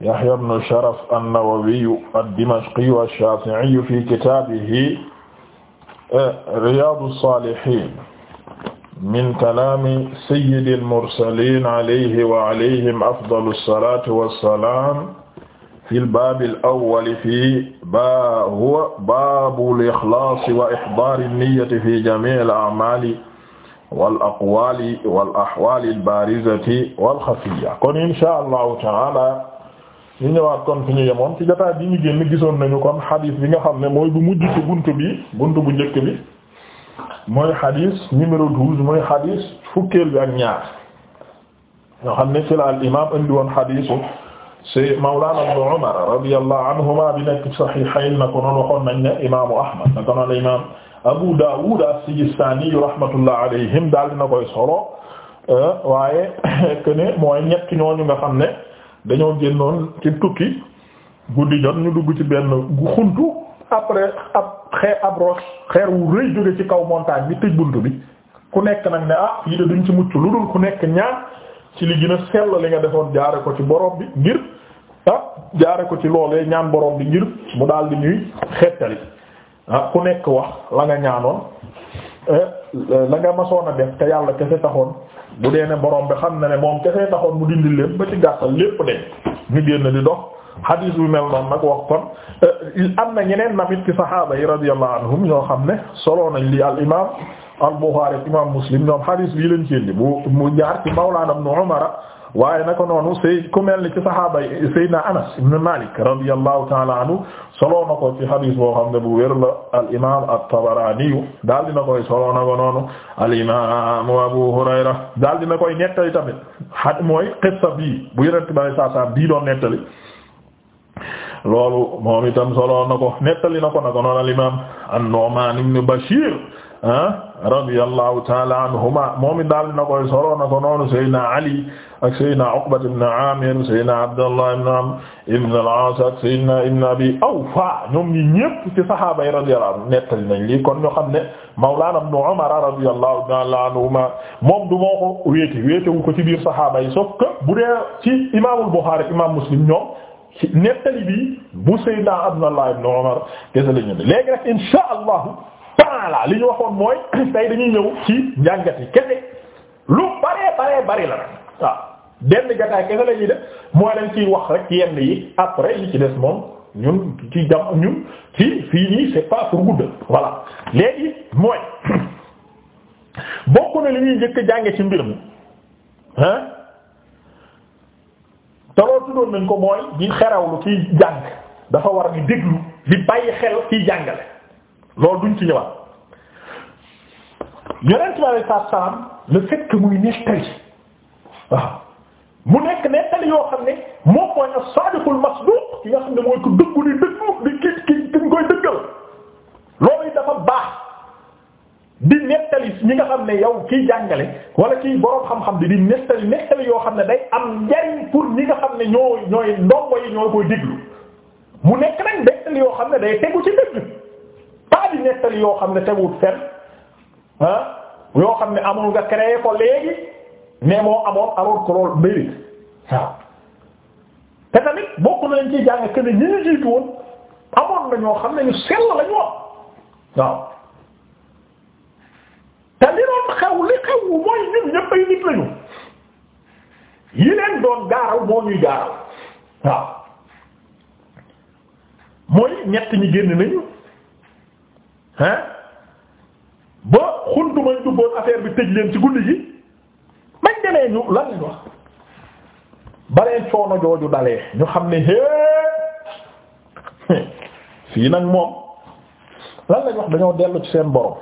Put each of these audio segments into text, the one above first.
Yahya ibn Sharaf an-Nawawi ad-Dimashqi ash-Shafi'i fi kitaabihi eh, Riyadu s-Salihin min kalaami sayyidil mursaliin alayhi wa alayhim afdalu s-salaatu wa s-salaam fil baabil awwal fi baa huwa baabul ikhlaas wa ihdaari niyyati fi jamiil a'maali wal aqwaali wal ahwaali al-baarizati wal xafiyya kon inshaa Allahu ta'aala ñu ñëwaat kon fi ñu yemoon ci jotaay bi ñu génn gisoon nañu kon xadis bi nga xam ne mooy bu mujj ci buntu bi bunt bu njëkk bi mooy xadis numéro douze mooy xadis fukkeel bi ak ñaar nga xam ne ci la indi woon xadisu si Mawlana Ibnu Umar radiyallahu anhuma bi nekk saxiixayn na ko noonu waxoon nañ ne imaamu Ahmad na ko noonu imaam Abu Daawud as-Sijistaani rahmatullah alayhim daal dina koy solo eh, waaye que mooy ñett ñooñu nga xam ne. dañoo génnoon ci tukki guddi jot ñu dugg ci benn gu xuntu après ab xee ab roche xeer wu rëy jóge ci kaw montagne bi tëj bunt bi ku nekk nag ne ah yi duñ ci mucc lu dul ku nekk ñaar ci li gën a sell li nga defoon jaare ko ci boroom bi ngir ah jaare ko ci loolee ñaan borom bi ngir mu daal di ñuy xettali ah ku nekk wax la nga ñaanoon eh, Euh, la ma masoon a def te yàlla kese taxoon bu dee ne borom bi xam na ne moom kese taxoon mu dindi lépp ba ci gàttal lépp de ñu génn di dox hadis bi mel noonu nag wax kon euh, am na ñeneen namit ci saxaaba yi radiyallahu anhum ñoo xam ne solo nañ li al imaam al Buxaari ak imaam Muslim ñoom hadis bii lañ ci indi bu mu jaar ci mawlaana Ibnu Umar waaye naka noonu say ku mel ni ci saxaaba yi Seydina Anas ibn Malik radiyallahu ta'ala anhu solo na ko ci hadis boo xam bu wér al imaam at-Tabarani daal dina koy solo na ko noonu al imaam Abu Hurayra daal dina koy nettali tamit had qissa bii bu yonent bi saa saa bii doon nettali. loolu moom itam solo na na ko ah, na ko noonu al imaam an-Nu'man Bashir ah radiyallahu ta'ala anhuma moom it na Ali. ak Seydina Uqbat ibn Amir Seydina Abdallah ibn Amr ibn al-As ibn Abi Awfa ñoom ñi ñépp ci sahaaba yi radiyallahu nettali nañ lii kon ñoo xam ne Mawlana ibn Umar radiyallahu ta'ala anhuma moom du moo ko wéete wéetewu ko ci biir sahaaba yi sauf que bu dee ci imaamul Bukhari imaam Muslim ñoom nettali bi bu Seydina Abdallah ibn Umar kese li ñu waxoon dañuy ñëw ci njàngat yi kese lu bare bare bare la nag benn jotaay kese la ñuy def mooy dañ ciy wax rek yenn yi après yi ci des moom ñun ci jam ñun ci fii nii c'est pas pour guddal voilà léegi mooy bokk na li ñuy njëkk jànge ci mbir mi ah te loolu tuddoon nañ ko mooy di xerawlu kiy jàng dafa war a di déglu di bàyyi xel kiy jàngale loolu duñ ci ñëwaat yonent bi sallallahu alayhi wasallam le fait que muy nettali waaw. mu nekk nettali yoo xam ne moo koy as-sadiqul masduq ki nga xam ne mooy ko dëggu di dëggu di ki ki ki koy dëggal loolu dafa baax di nettali ñi nga xam ne yow kii jàngale wala kiy boroom xam-xam di di nettali nettali yoo xam ne day am njariñ pour ñi nga xam ne ñoo ñooy ndongo yi ñoo koy déglu mu nekk nag nettali yoo xam ne day tegu ci dëgg pas di nettali yoo xam ne tegu fenn ah yoo xam ne amul nga créé ko léegi. mais moo amoon alors que loolu mérite waaw te tamit bokk na lañ ciy jàng que ne ñi ñu woon amoon na ñoo xam ne ñu sell la ñu waaw te li doon xew li xew mooy nit lañu yi leen doon ñett ñi génn nañu hein ba xuntu may duggoon affaire bi tëj leen ci guddi gi. ñu nee ñu lan lañ wax baree coono jooju dalee ñu xam ne hee fii nag moom lan lañ wax dañoo dellu ci seen borom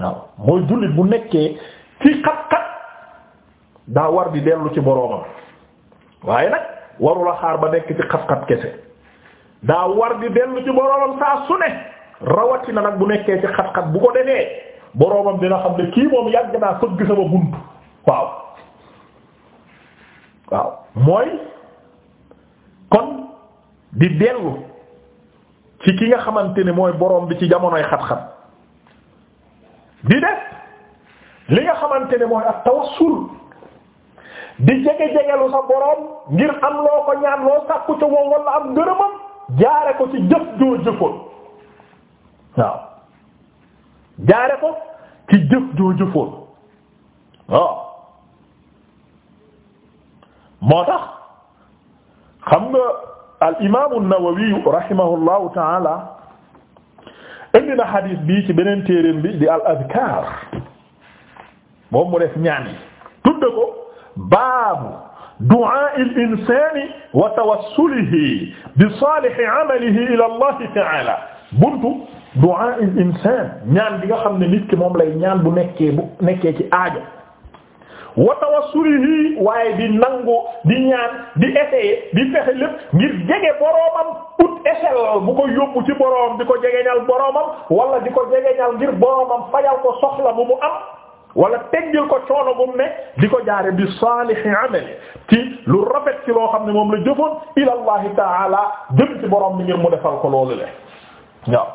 waaw mooy jullit bu nekkee ci xat-xat daa war di dellu ci boromam waaye nag warula xaar ba nekk ci xat-xat kese daa war di dellu ci boromam saa su ne rawatina nag bu nekkee ci xat-xat bu ko defee boromam dina xam ne kii moom yàgg naa fëgg sama bunt waaw waaw mooy kon di dellu ci ki nga xamante ni mooy boroom bi ci jamonoy xat-xat di def li nga xamante ne mooy ak tawassul di jege-jegelu sa boroom ngir am loo ko ñaan loo sàkku ca woo wala am gërëmam jaare ko ci jëf joo jëfoon waaw jaare ko ci jëf joo jëfoon moo tax xam nga al imaamu an-Nawawi rahimahullahu taala indi na xadiis bii ci beneen téereem bi di al azkaar moom mu def ñaan yi tudde ko baabu du'a al-insaani wa tawassulihi bi saalihi amalihi ila Allah taala buntu du'a al-insaan ñaan bi nga xam ne nit ki moom lay ñaan bu nekkee bu nekkee ci aajo wa tawassulihi waaye di nangu di ñaan di essayer di fexe lépp ngir jege boroomam ut échelle bu ko yóbbu ci boroomam di ko jegeñal boroomam wala di ko jegeñal ngir boroomam fayal ko soxla bu mu am wala teggil ko coono bu ne di ko jaare bi saalihi amali ci lu rafet ci loo xam ne moom la jëfoon ila allah taala jëm ci boroom bi ngir mu defal ko loolu le waaw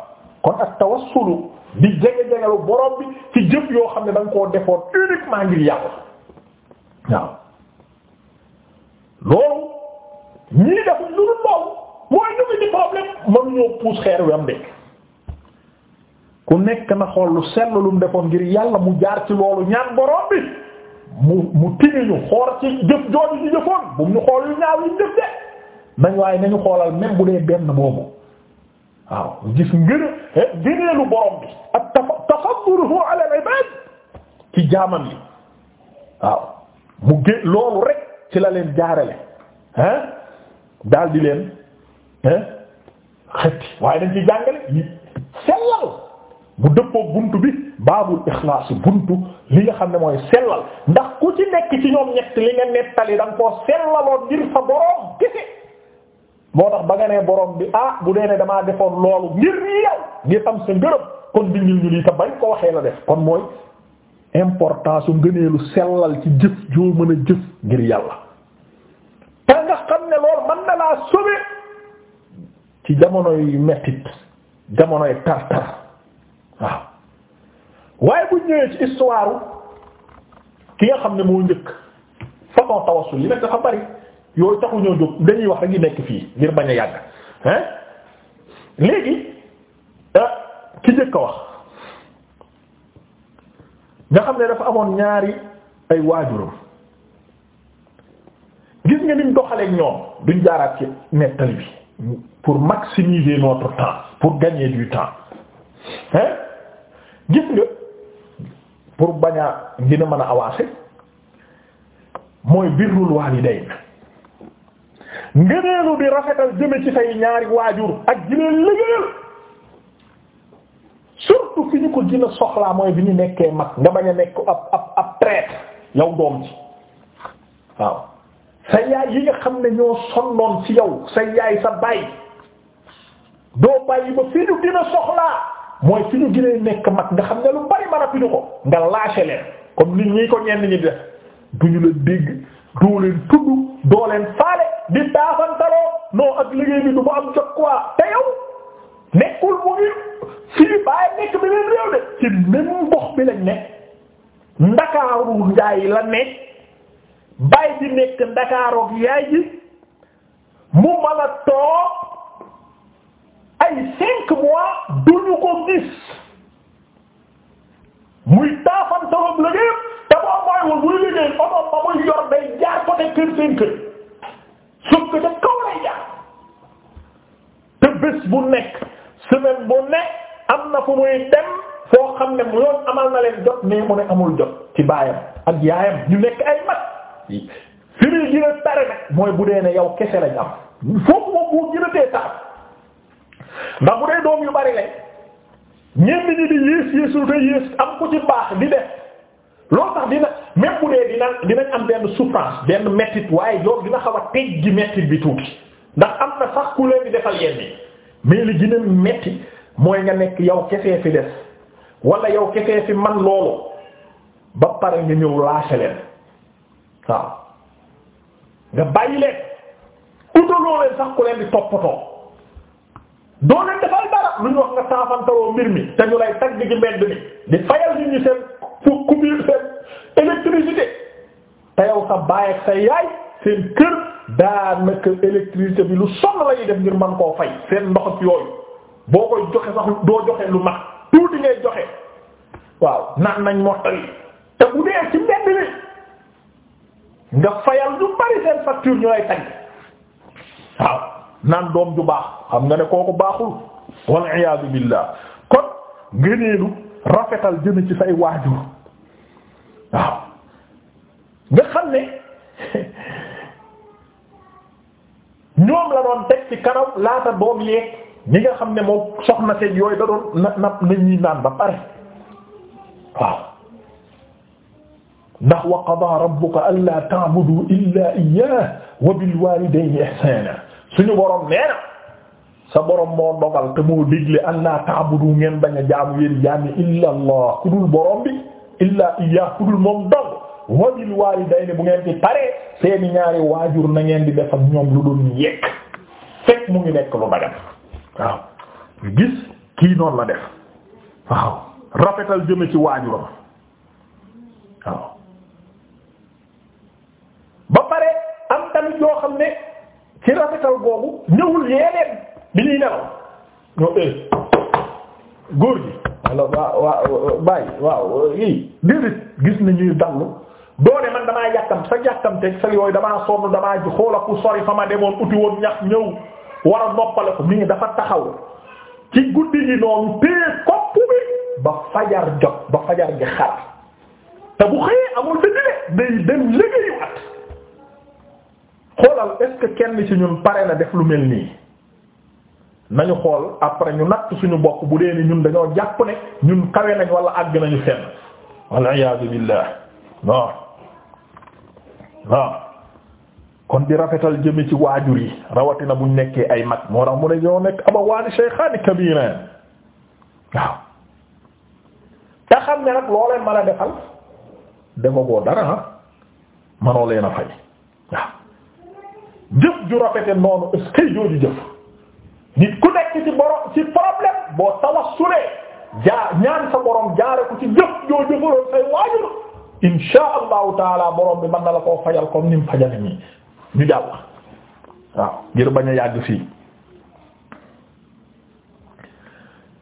kon ak tawassulu di jege jegalu boroom bi ci jëf yoo xam ne da nga koo defoon uniquement ngir yàlla waaw loolu ñii defuñ lu loolu mooy ñu ngi ci problème mënuñoo puus xeer wi am de ku nekk na xool lu sell lu defoon ngir yàlla mu jaar ci loolu ñaan borom bi mu mu tigi ñu xool ci jëf jooju ñu jëfoon bu mu ñu xool yu ñaaw yu jëf de nañ waaye nañu xoolal même bu dee benn boobu waaw gis ngëne gëneelu borom bi ak tafadduruhu ala al ibad ci jaamam yi waaw mu gé loolu rek ci la leen jaarele hein daal di leen hein xetti waaye dañ ci jàngale sellal bu dëppoo buntu bi baabul ixlaas bunt li nga xam ne mooy sellal ndax ku ci nekk ci ñoom ñett li nga nettali da nga koo sellaloon ngir sa boroom gisi moo tax ba nga nee boroom bi ah bu dee ne damaa defoon loolu ngir yow ngir am sa ngërëm kon bindil ñu lii te bañ ko waxee la def kon mooy importance su ngëneelu sellal ci jëf joo mën a jëf ngir yàlla te nga xam ne loolu mën na laa sobe ci jamonoy mettit jamonoy tartar waaw waaye bu ñëwee ci histoire ki nga xam ne moo njëkk façon tawassul yi nag dafa bari yooyu taxu ñoo jóg dañuy wax rek nekk fii ngir bañ a yàgg hein léegi euh, ki njëkk a wax nga xam ne dafa amoon ñaari ay waajuram gis nga niñ doxaleek ñoom duñ jaaraat ci nettali bi pour maximiser notre temps pour gañee du temps hein gis nga pour bañ a gën a mën a avancer mooy birrul waalidayn ngëneelu di rafetal jëme ci say ñaari waajur ak jëlee liggéeyal surtout fi ñu ko gën soxlaa mooy bi ñu nekkee mag nga bañ a nekk ab ab ab yow doom ci waaw sa yaay yi nga xam ne ñoo sonnoon ci yow sa yaay sa baay doo bàyyi ba fi ñu gën soxlaa mooy fi ñu gën nekk mag nga xam ne lu bari mën a fi ñu ko nga lâché leen comme nit ñi ko ñenn ñi def du ñu leen dégg doo leen tudd doo leen faale di daafantaloo non ak liggéey bi du ma am jot quoi te yow. nekkul mu ngi fii bàyyi nekk beneen réew de ci même gox bi lañ nekk ndakaaru njaay la nekk bàyyi di nekk ndakaarook yaay ji mu mën a toog ay cinq mois duñu ko gis muy taafan sabab la gépp te boo mooywul muy liggéey oto ba muy yor day jaar côté kër seen kër sëf ka ca kaw lay jaar te bés bu nekk semaine bu ne am na ko muy dem foo xam ne mu yoon amal na leen jot mais mu ne amul jot ci baayam ak yaayam ñu nekk ay mag fi muy gën a nag mooy bu dee ne yow kese lañ am foofu moom boo gën a tee taam ndax bu dee doom yu bari lañ ñenn ñi di yées yéesul te yées am ko ci baax di def loolu tax dina même bu dee dina dinañ am benn souffrance benn mettit waaye yoon dina xaw a teggi mettit bi tuuti ndax am na sax ku leen di defal yenn mais li gën metti mooy nga nekk yow kese fi des wala yow kese fi man loolu ba pare nga ñëw lâché leen waaw nga bàyyi leen utaloo sax ku leen di toppatoo doo leen defal dara lu wax nga taafantaloo mbir mi te ñu lay tagg ci mbedd mi di fayal nit ñi seen fu coupure seen électricité te yow sa baay ak sa yaay seen kër. daanaka électricité bi lu sonn la def ngir mën koo fay seen ndox ak yooyu boo koy joxe sax doo joxe lu mag tuuti ngay joxe waaw naan nañ mottali te bu dee doom ju baax xam nga ne kooku baaxul wal iyaadu billah kon ngëneelu rafetal jëm ci say waajur waaw karaw laata doom yeeg ñi nga xam ne moom soxna seen yooyu da doon na na na pare waaw qadaa rabbuka allaa ta'budu illaa iyyaahu wa bil ihsaana suñu borom nee sa borom moo dogal te digle allaa ta'budu ngeen bañ a jaamu yéen jaami illaa allah ku dul borom bi illaa iyyaahu ku dul moom dong wa bil bu ngeen di paree seeni ñaari waajur na ngeen di def ak ñoom lu doon yekk fekk mu ngi nekk lu dagan waaw gis kii noonu la def waaw rafetal jëme ci waajuram waaw ba pare am tamit yoo xam ne ci rafetal boobu ñëwul yeneen bi ñuy nelaw ñoo ee eh, góor gi walla waa waa bàyyi waaw yii déedéet gis na ñuy dallu doone man damaa yàkkam sa yàkkamte sa yooyu damaa sonn damaa xool ak ku sori fa ma demoon uti woon ñax ñëw war a noppale ko ngi dafa taxaw ci guddi gi noonu téye kopp bi ba fajar jot ba fajar gi xar te bu xëyee amul dëgg de day dem liggéeyu at xoolal est kenn ci ñun pare na def lu mel nii nañu xool après ñu natt suñu bokk bu dee ni ñun dañoo jàpp ne ñun kawe nañ wala àgg nañu fenn wal iyaadu billah non non kon di rafetal jëme ci waajur yi rawatina buñ nekkee ay mag moo tax mu ne ñoo nekk abawaani shaykhaani kabiiraan waaw te ne nag loo leen mën defal dafa boo dara ah manoo leen a fay waaw jëf ju rafete noonu est jooju jëf nit ku nekk ci borom ci problème boo tawassulee jaar ñaan sa borom jaare ko ci jëf joo jëfaloon say waajur insha allahu taala borom bi mën na la koo fajal comme ni mu nii ñu jàll waaw ngir bañ a yàgg fii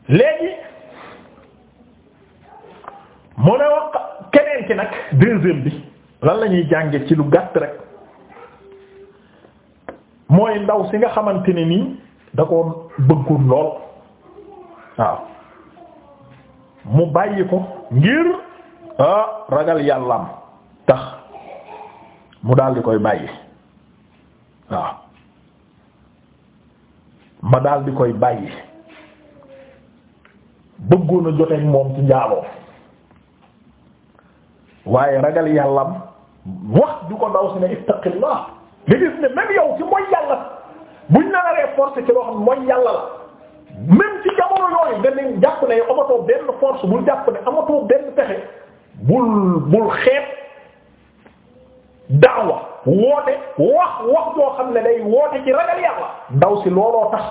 léegi mu ne wax keneen ci nag deuxième bi lan la ñuy jànge ci lu gàtt rek mooy ndaw si nga xamante ne nii da ko bëggoon lool waaw mu bàyyi ko ngir ah, ragal yàllaam tax mu daal koy bàyyi waaw ma daal di koy bàyyi bëggoon a moom ci njaaloo waaye ragal yàllam wax du ko daw si ne ittaqillah nga gis ne même yow ci mooy yàlla buñ na la ci loo mooy yàlla la même ci jamono yooyu nga ne jàpp ne amatoo benn force bul jàpp ne amatoo benn pexe bul bul xeeb daawa woote wax wax joo xam ne day woote ci ragal yàlla ndaw si looloo tax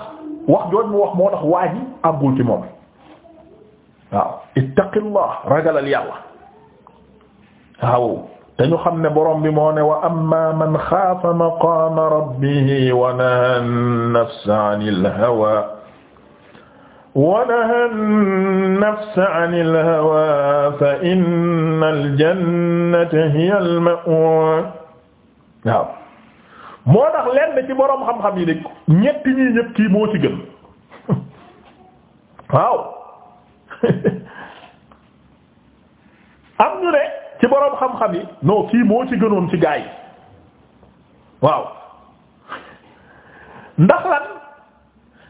wax jooj mu wax moo tax waa ji àggul ci moom waaw ittaqillah ragalal yàlla waaw te ñu xam ne borom bi moo ne wa amma man xaafa maqaama rabbihi wa naha nafsa anil hawa wa naha nafsa anil hawa fa innal jannata hiyal ma'wa waaw moo tax lenn ci boroom xam-xam yi nag ñetti ñii ñëpp kii moo ci gën waaw am ñu ne ci boroom xam-xam yi non kii moo ci gënoon ci gaa yi waaw ndax lan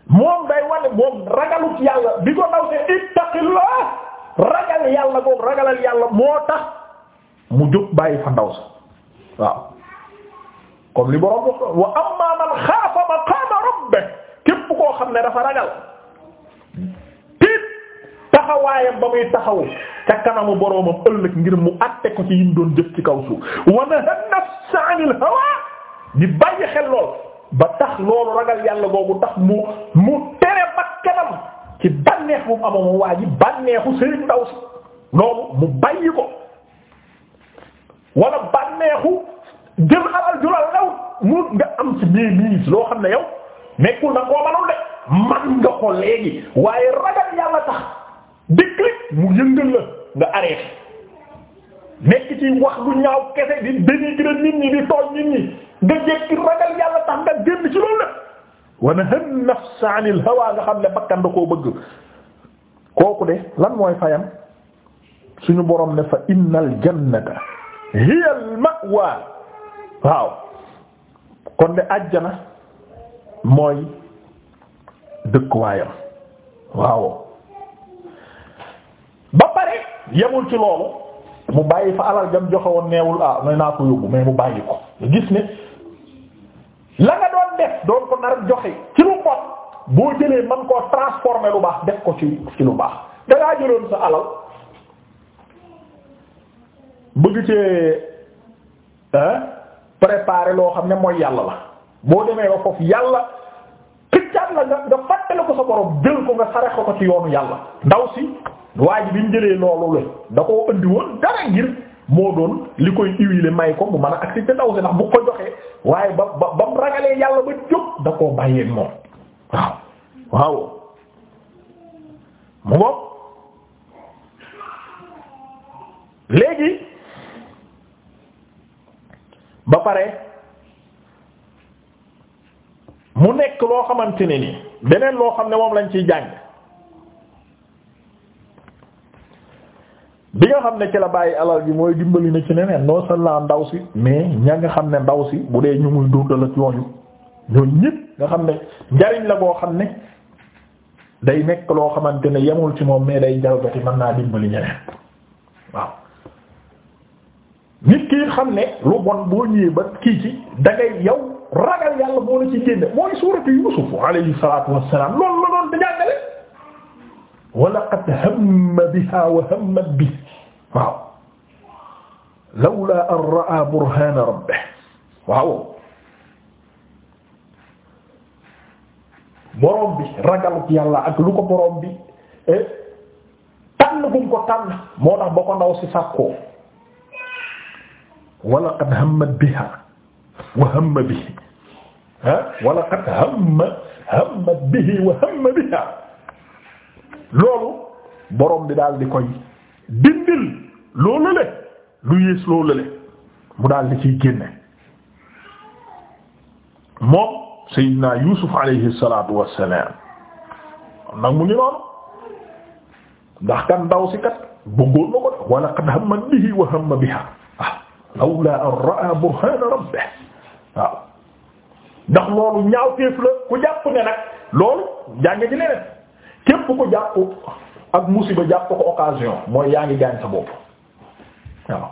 moom day wane moom ragalut yàlla bi ko daw see ittaqillah ragal yàlla boobu ragalal yàlla moo tax mu jóg bàyyi fa ndaw sa waaw comme li borom wa amma man xaafa maqaama rabbih képp koo xam ne dafa ragal tiit taxawaayam ba muy taxaw ca kanamu boromam ëllëg ngir mu àtte ko ci yim doon jëf ci kaw suuf wa naha nafsa anil hawa di xel lool ba tax loolu ragal yàlla googu tax mu mu tere bakkanam ci bànneex mu amoon waa ji bànneexu sëriñ si loolu mu bàyyi ko wala bànneexu jël alal mu nga am ci biir biis loo xam ne yow nekkul na koo manul de man nga ko léegi waaye ragal yàlla tax déclic mu yëngal la nga arrêté nekk ci wax lu ñaaw kese di dénigrer nit ñi di tooñ nit ñi nga jekki ragal yàlla tax nga génn ci loolu la wa nahan nafsa anil nga xam ne bakkan da koo bëgg kooku de lan mooy fayam suñu boroom ne fa innal jannata hiya al ma'wa waaw kon de àjjana mooy dëkkuwaayam waaw ba pare yemul ci loolu mu bàyyi fa alal jam joxe woon neewul ah may naa ko yóbbu mais mu bàyyi ko gis ne la nga doon def doon ko nar joxe ci lu mot boo jëlee man koo transformer lu baax def ko ci lu baax da jëloon sa alal bëgg ci hein préparer loo xam ne mooy yàlla la boo demee ba foofu yàlla xëccaat la nga nga fàttale ko sa borom jël ko nga sarax ko ci yoonu yàlla ndaw si waa ji bi mu jëlee loolu la da koo indi dara ngir moo doon li koy huiler may ko mu mën a accepter ndaw si ndax bu ko joxee waaye ba ba ba mu ragalee yàlla ba jóg da koo bàyyee moom waaw waaw mu ngoog léegi ba pare mu nekk loo xamante ne ni beneen loo xam ne moom lañ ciy jàng bi nga xam ne ci la bàyyi alal bi mooy dimbali na ci neneen non seulement ndaw si mais ña nga xam ne ndaw si bu dee ñu muy dundal ak yooyu ñoo ñëpp nga xam ne njariñ la boo xam ne day nekk loo xamante ne yemul ci moom mais day jalgati mën naa dimbali ñeneen waaw nit ki xam ne lu bon boo ñëwee ba kii ci da ngay yow ragal yàlla moo la ci génne mooy Yuusuf alayhi salaatu wassalaam loolu la doon da jàngale wa biha wa an ra'a burhaana rabbihi waaw borom bi ragal yàlla ak lu ko borom bi eh, tànn ko tànn moo tax ba si sàkkoo wala qad hammat biha wa hamma bihi ah wala qad hamma hammat bihi wa hamma biha loolu borom bi daal di koy dindil loolu le lu yées loolu le mu daal di ciy génne moom Seydina Yuusuf alayhi salaatu wassalaam nag mu ngi noonu ndax kan ndaw si kat bëggoon na ko de wala qad hammat bihi wa hamma biha lawla an raa burhana rabbih waaw ndax loolu ñaawteef la ku jàpp ne nag loolu jànge ci leneen képp ku jàpp ak musiba jàpp ko occasion mooy yaa ngi gaañ sa bopp waaw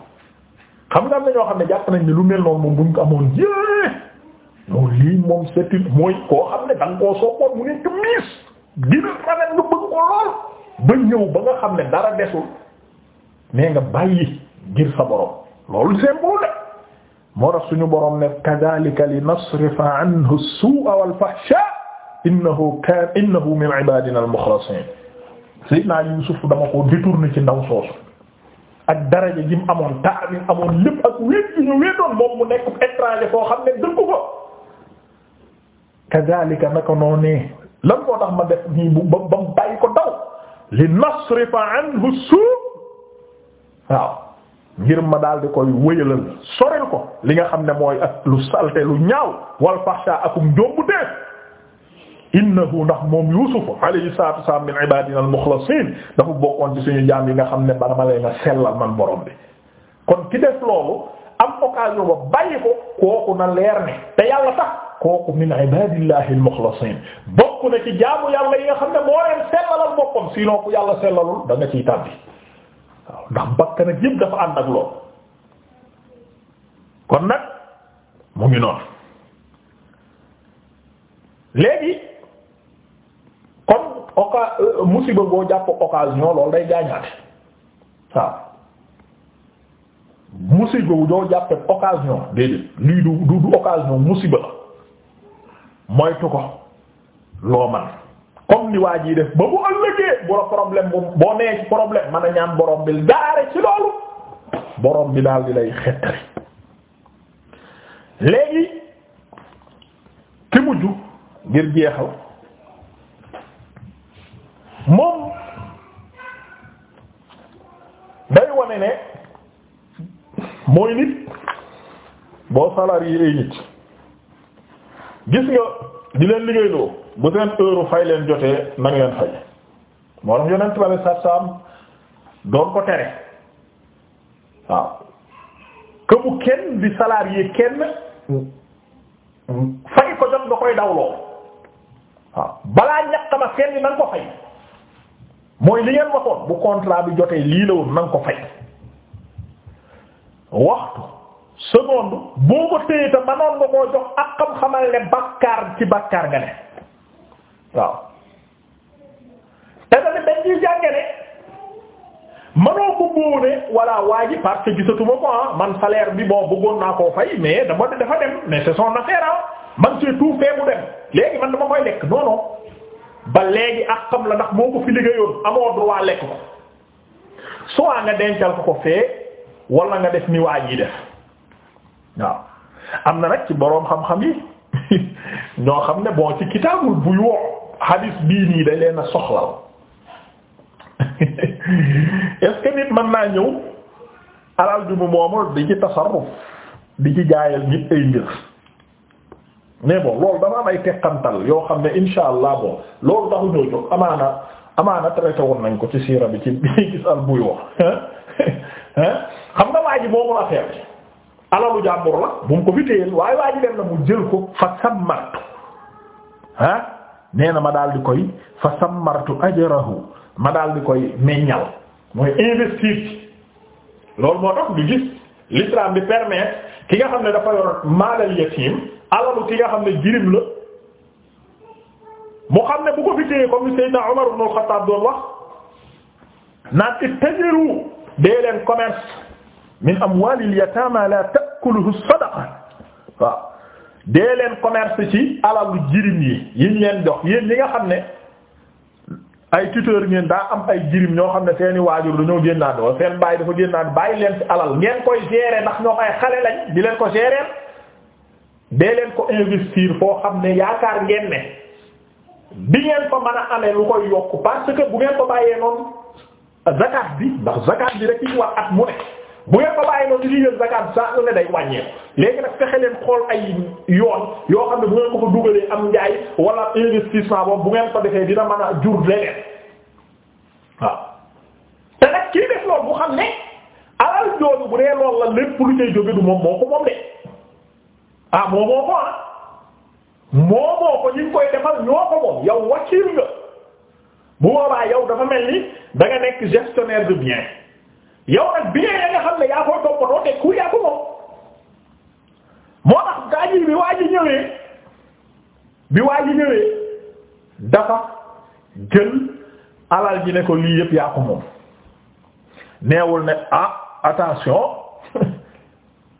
xam nga am na ñoo xam ne jàpp nañ ne lu mel noonu moom buñ ko amoon yée loolu lii moom setti mooy koo xam ne da nga koo soppoon mu nekk miis dina rafet lu bëgg ko lool ba ñëw ba nga xam ne dara desul nee nga bàyyi ngir sa borom loolu symbole moo tax suñu borom ne kadhalika linasrifa anhu as-su'a wal fahsha innahu kana innahu min ibadina al-mukhlasin sayyidina Yusuf dama ko détourné ci ndaw soosu ak daraja ji mu amoon taa bi amoon lépp ak wéet bi ñu wéetoon moom mu nekk étranger foo xam ne dëkku ko kadhalika naka noonee lan moo tax ma def nii bu ba mu bàyyi ko daw linasrifa anhu as-su' waaw ngir ma daal di koy wëyalal soril ko li nga xam ne mooy ak lu salte lu ñaaw wal fahsha akum jombu dee innahu ndax moom Yuusuf alayhi salaatu wa salaam min ibaadina al-mukhlasiin dafa yi nga xam ne bana ma lay na sellal man borom bi kon ki def loolu am occasion ba bàyyi ko kooku na leer ne te yàlla tax kooku min ibaadillahi al-mukhlasiin bokk na ci jaamu yàlla yi nga xam ne moo ku yàlla sellalul da ciy tàbbi ndax bakkan ak yëpp dafa ànd ak lool kon nag mu ngi noonu léegi kon oka euh, musiba ngoo jàpp occasion loolu day gaañaate waaw musiba wu doo jàppee occasion déedéet lii du du du musiba la moytu ko loo man comme ni waa ji def ba mu ëllëgee bu la problème boo nee problème man a ñaan borom bi daare ci loolu borom daal di lay léegi ki mujj ngir jeexal moom day wane ne mooy nit boo salarié ay nit gis nga di leen liggéeyloo bu seen heure fay leen jotee na ngeen fay moo tax yonent bale sat saam doon ko tere waaw que kenn di salarié kenn fay ko jot nga koy dawloo waaw balaa ñaqama kenn di na ko fay mooy li ngeen waxoon bu contrat bi jotee lii la woon na ko fay waxtu seconde boo téye te manoon nga koo jox ak xam-xamal ne bàkkaar ci bàkkaar nga ne waaw te tamit dañ ciy jànge ne manoo ko bóone walla waa ji parce que gisatuma ko ah, man salaire bi bon bëggoon naa koo fay mais dama dafa dem mais c'est son affaire ah man c'est tout fait mu dem léegi man dama koy lekk non ba léegi ak xam la ndax moo ko fi liggéeyoon amoo droit lekk ko soo nga dencal ko ko fee wala nga def ni waa ji def waaw am na nag ci boroom xam-xam yi ñoo xam ne bon ci kitaabul buy woo hadis bii nii day leen a soxlal est nit mën naa ñëw alal ju mu moomul di ci tasarruf di ci jaayal nit ay mbir mais bon loolu dafa am ay teqantal yoo xam ne insha allah bon loolu taxu ñoo jóg amaana amaana traité nañ ko ci siira bi ci gis al buy wax xam nga waa ji moomul affaire bi alalu jàmbur la bu mu ko fi waaye waa ji dem na mu jël ko fa sammat ah nee ma daal di koy fa sammartu ajrahu ma daal di koy meññal mooy investir ci moo tax du gis l'islam bi permettre ki nga xam ne dafa yor maalal yatim alalu ki nga xam ne jirim la mu xam ne bu ko fi téye comme ni Seydina Omar ibn al doon wax naan ittajiru dee leen commerce min amwalil yatama la ta'kuluhu sadaqa waaw dee leen commerce ci alalu jirim yi yiñ ngeen jox yéen ñi nga xam ne ay tuteur ngeen daa am ay jirim ñoo xam ne seeni waajur dañoo génnaat wala seen bàyyi dafa génnaat bàyyi leen ci alal ngeen koy gérer ndax ñoo ay xale lañ di leen ko gérer dee leen ko investir foo xam ne yaakaar ngeen ne bi ngeen ko mën a amee lu koy yokk parce que bu ngeen ko bàyyee noonu zakat bi ndax zakat bi rek yi war at mu ne bu ngeen ko bàyyi noonu di liggéey zakat saa su ne day wàññeeku léegi nag fexe leen xool ay yoon yoo xam ne bu ngeen ko fa dugalee am njaay wala investissement boobu bu ngeen ko defee dina man a jur leneen waaw. te nag kii def loolu bu xam ne alal jooju bu dee loolu la lépp lu cay jóge du moom moo ko moom de ah moom moo ko ah moo ko ñu koy defal ñoo ko moom yow wakiil nga bu boobaa yow dafa mel ni da nga nekk gestionnaire de bien. yow nag bien ya nga xam ne yaa koy toppatoo te ku yaa moom moo tax gaa ji bi waa ji ñëwee bi waa ji ñëwee dafa jël alal ji ne ko lii yëpp yaa ko moom neewul ne ah attention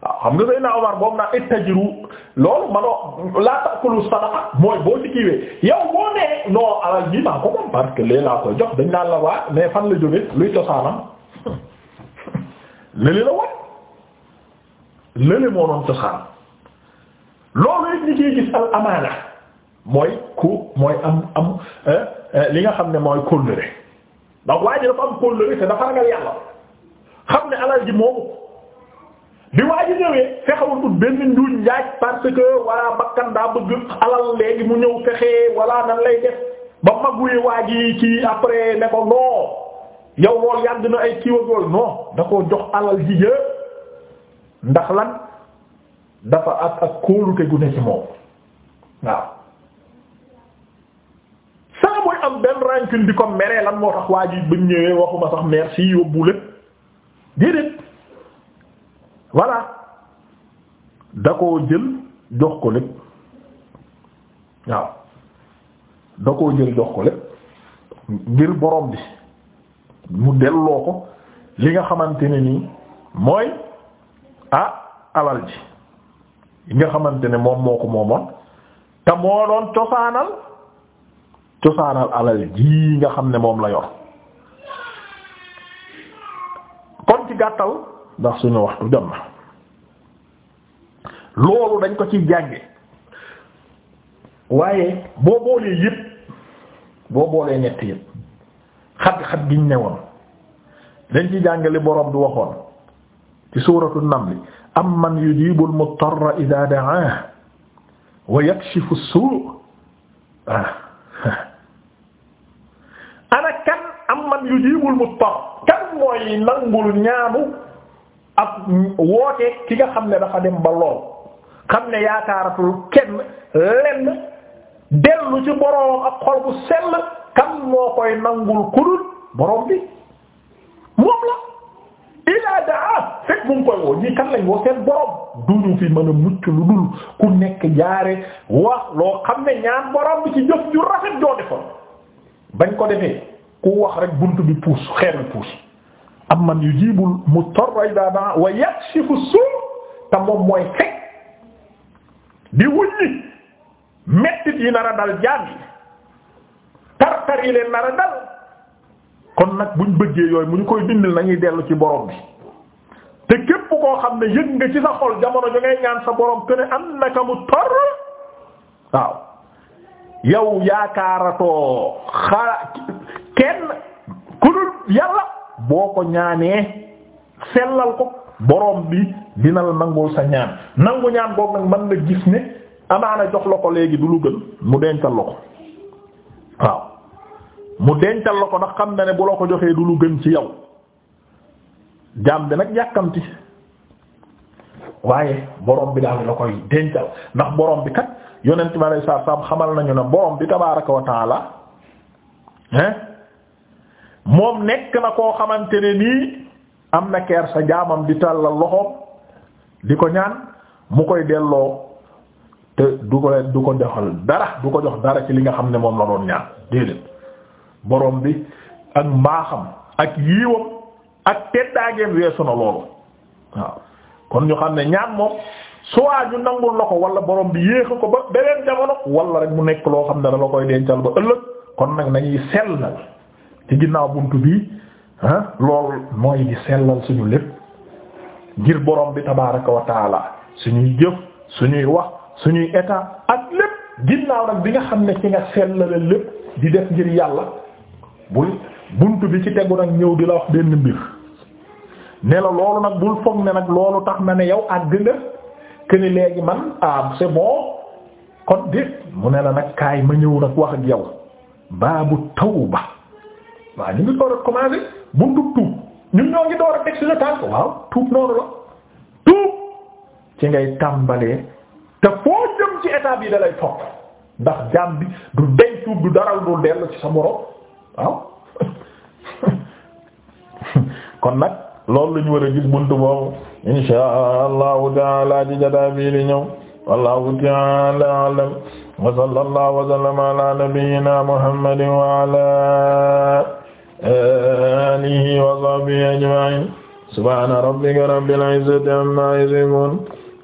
ah, xam nga Seydina Omar boobu naa ittajiru loolu manoo laa takulu sadaqa mooy boo ci kiiwee yow boo nee non alal ji maa ko moom parce que léegi laa koy jox dañ naan la waa mais fan la jóge luy cosaanam lële la woon lële moo doon cosaan loolu it ñi ciy gis al amaana mooy ku mooy am am eh, eh, li nga xam ne mooy kóllëre ndax waa ji dafa am kóllëre te dafa ragal yàlla xam ne alal ji moomu bi waa ji ñëwee fexewul ut benn njuuñ njaaj parce que walla bakkan daa bëgg alal léegi mu ñëw fexe walla nan lay def ba maguye waa ji ci après ne ko non yow lool yàgg na ay kiiwa gool non da koo jox alal ji ndax lan dafa ak ak kóolute gu ne ci moom waaw saa mooy am benn rancune di ko meree lan moo tax waa ji bañ waxuma sax merci yóbbu lépp déedéet da koo jël jox ko lépp waaw da koo jël jox ko lépp ngir borom bi mu delloo ko li nga xamante ne nii mooy a alal ji yi nga xamante ne moom moo ko moomoon te moo doon cosaanal cosaanal alal ji nga xam ne moom la yor kon ci gàttal ndax suñu waxtu jot na loolu dañ ko ci jànge waaye boo boolee yépp boo boolee ñett yépp xat-xat giñ ne woon dañ ci jàngale boroom di waxoon ci suuratu namli amman yujibu al-muttarra idha da'ahu wa yakshifu as-su' ana kan amman yujibu al-muttarra kan mooy nangul ñaanu ak woote ki nga xam ne dafa dem ba lool xam ne yaakaaratul kenn lenn dellu ci boroom ak xol bu sell kan moo koy nangul kudul borom bi moom la ila daa fekk mu koy woo ñii kan lañ woo seen borom duñu fi mën a mucc lu dul ku nekk jaare wax loo xam ne ñaan borom bi ci jëf ju rafet joo defoon bañ ko defee ku wax rek bunt bi puus xeer bi puus am man yu jiibul mutarra ida daa wa yakshifu suu te moom mooy fekk di wuññi mettit yi nar a dal yi naqar yi leen nar a dal kon nag buñ bëggee yooyu mu ñu koy dindil nañuy dellu ci borom bi te képp koo xam ne yëg nga ci sa xol jamono ju ngay ñaan sa borom que ne am naka mu tor waaw yow yaakaaratoo xaa kenn ku dul yàlla boo ko ñaanee sellal ko borom bi dina la nangul sa ñaan nangu ñaan boobu nag mën na gis ne amaana jox la ko léegi du lu gën mu dencal la ko waaw mu dencal la ko ndax xam ne bu la ko joxee du lu gën ci yow jaam bi nag yàkkamti waaye borom bi daal la koy dencal ndax borom bi kat yonent bi alayhi salaam xamal nañu ne borom bi tabaaraka wa taala hein moom nekk na koo xamante ne nii am na keer sa jaamam di tàllal loxo di ko ñaan mu koy delloo te du ko du ko joxal dara du ko jox dara ci li nga xam ne moom la doon ñaan déedéet borom bi ak mbaaxam ak yiiwam ak teddaageem weesu na loolu waaw kon ñu xam ne ñaan moom soit ñu nangul la ko wala borom bi yéexa ko ba beneen jamono wala rek mu nekk loo xam ne da la koy dencal ba ëllëg kon nag nañuy sellal ci ginnaaw bunt bi ah loolu mooy sellal suñu lépp ngir borom bi tabaraka wa taala suñuy jëf suñuy wax suñuy état ak lépp ginnaaw nag bi nga xam ne ci nga sellale lépp di def ngir yàlla bul bunt bi ci tegu nag ñëw di la wax benn mbir ne loolu nag bul foog ne nag loolu tax na ne yow àgg nga que léegi man ah c'est bon mu ne la nag kaay ma ñëw nag wax ak yow baabu tawba waaw ñu ngi door a commencé buntu tuub ñun ñoo ngi door a teg suñu tànk waaw tuub noonu la tuub ci ngay tàmbalee te foo jëm ci état bi da lay topp ndax jaam bi du denc tuub du daral du dellu ci sa moroom. waaw kon nag loolu la ñu war a gis buntu boobu insha allahu taala ci jataa bii di ñëw wallahu taala alam wa sallallahu wa sallama ala nabiyyina muhammadin wa ala alihi wa sahbihi ajma'in subhana rabbika rabbil izzati amma yasifun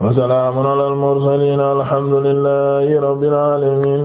wa salamun ala al mursalin alhamdulillahi rabbil alamin